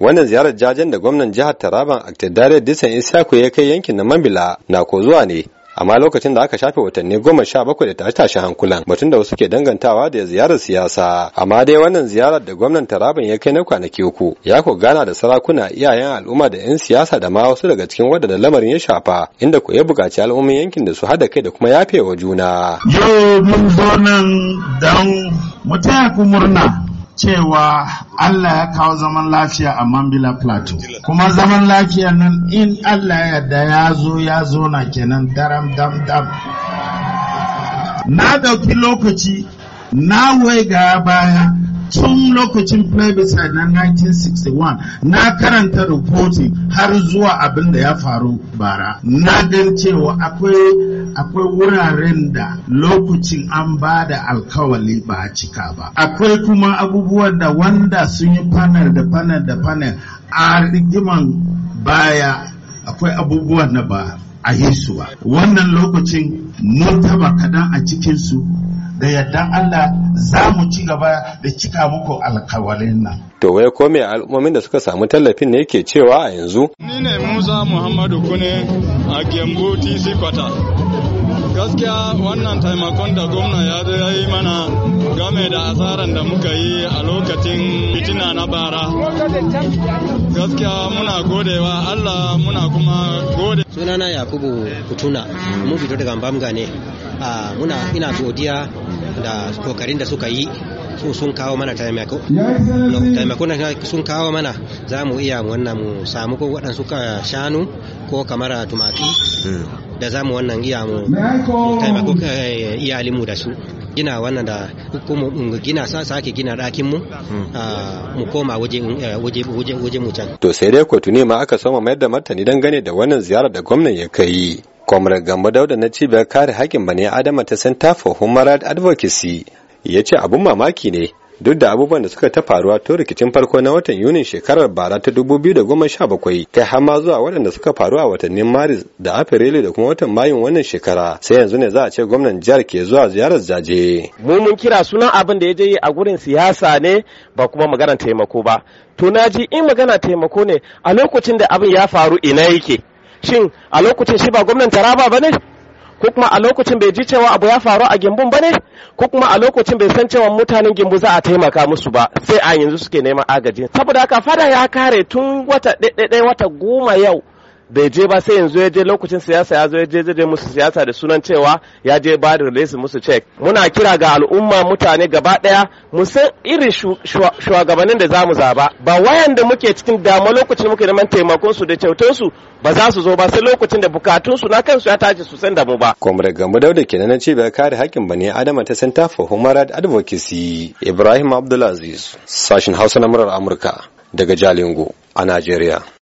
wannan ziyarar jajen da gwamnan jihar taraban aktidare disan isaku ya kai yankin na mambila na ko zuwa ne amma lokacin da aka shafe watanni goma sha bakwai da tashi tashi hankulan batun da wasu ke dangantawa da ziyarar siyasa amma dai wannan ziyarar da gwamnan taraban ya kai na kwanaki uku ya ko gana da sarakuna iyayen al'umma da 'yan siyasa da ma wasu daga cikin wadanda lamarin ya shafa inda ko ya buƙaci al'ummin yankin da su hada kai da kuma yafe wa juna yau mun zo nan don mu taya ku murna cewa Allah ya kawo zaman lafiya a Mambila Plateau. Kuma zaman lafiya nan in Allah ya yarda ya zo ya zo na kenan daram dam dam. Na ɗauki lokaci, na waiga baya, tun lokacin plebiscite na 1961 na karanta reporting har zuwa abin da ya faru bara na gan cewa akwai akwai wuraren da lokacin an ba da alkawali ba a cika ba akwai kuma abubuwan da wanda sun yi panel da panel da panel a rigiman baya akwai abubuwan da ba a yi su ba wannan lokacin mun taba kaɗan a cikinsu da yardan Allah za mu ci gaba da cika muku alkawalin nan. To wai ko me al'ummomin da suka samu tallafin ne ke cewa a yanzu? Ni ne Musa Muhammadu Kune a Gembu TC Kwata. gaskiya wannan taimakon da gwamna ya zo yi mana game da asaran da muka yi a lokacin fitina na bara gaskiya muna godewa allah muna kuma gode sunana yakubu kutuna mun fito daga mbamga ne muna ina godiya da kokarin da suka yi su sun kawo mana taimako na sun kawo mana za mu iya wannan mu samu ko waɗansu shanu ko kamara tumaki hmm. da za mu wannan iya mu taimako eh, iyalinmu da su gina wannan da kuma gina sa sake gina ɗakin mu hmm. mu koma eh, waje mu can to sai dai kotu ne ma aka soma mayar da martani dangane da wannan ziyarar da gwamnan ya kai Kwamrar Gambo Dauda na cibiyar kare haƙƙin bani Adama ta Center for Human Rights Advocacy ya ce abun mamaki ne duk da abubuwan da suka ta faruwa tun rikicin farko na watan yunin shekarar bara ta dubu biyu da 2017 kai har ma zuwa waɗanda suka faru a watannin maris da afrilu da kuma watan mayun wannan shekara sai yanzu ne za a ce gwamnan jihar ke zuwa ziyarar jaje mu mun kira sunan abin da ya je a gurin siyasa ne ba kuma magana taimako ba to na ji in magana taimako ne a lokacin da abin ya faru ina yake shin a lokacin shi ba gwamnan taraba ba ne ko kuma a lokacin bai ji cewa abu ya faru a gimbun ba ne ko kuma a lokacin bai san cewa mutanen gimbu za a taimaka musu ba sai a yanzu suke neman agaji saboda haka fada ya kare tun wata ɗaiɗaiɗai wata goma yau bai je ba sai yanzu ya je lokacin siyasa ya zo ya je je musu siyasa da sunan cewa ya je ba da release musu check muna kira ga al'umma mutane gaba daya mu san irin shugabannin da zamu zaba ba wayan da muke cikin damuwa lokacin muke neman taimakon su da kyautar su ba za su zo ba sai lokacin da bukatun su na kansu ya tashi su san da mu ba ga gambo dauda kenan na bai kare hakkin bane adama ta Santa for human rights advocacy ibrahim abdulaziz sashin hausa na murar amurka daga jalingo a najeriya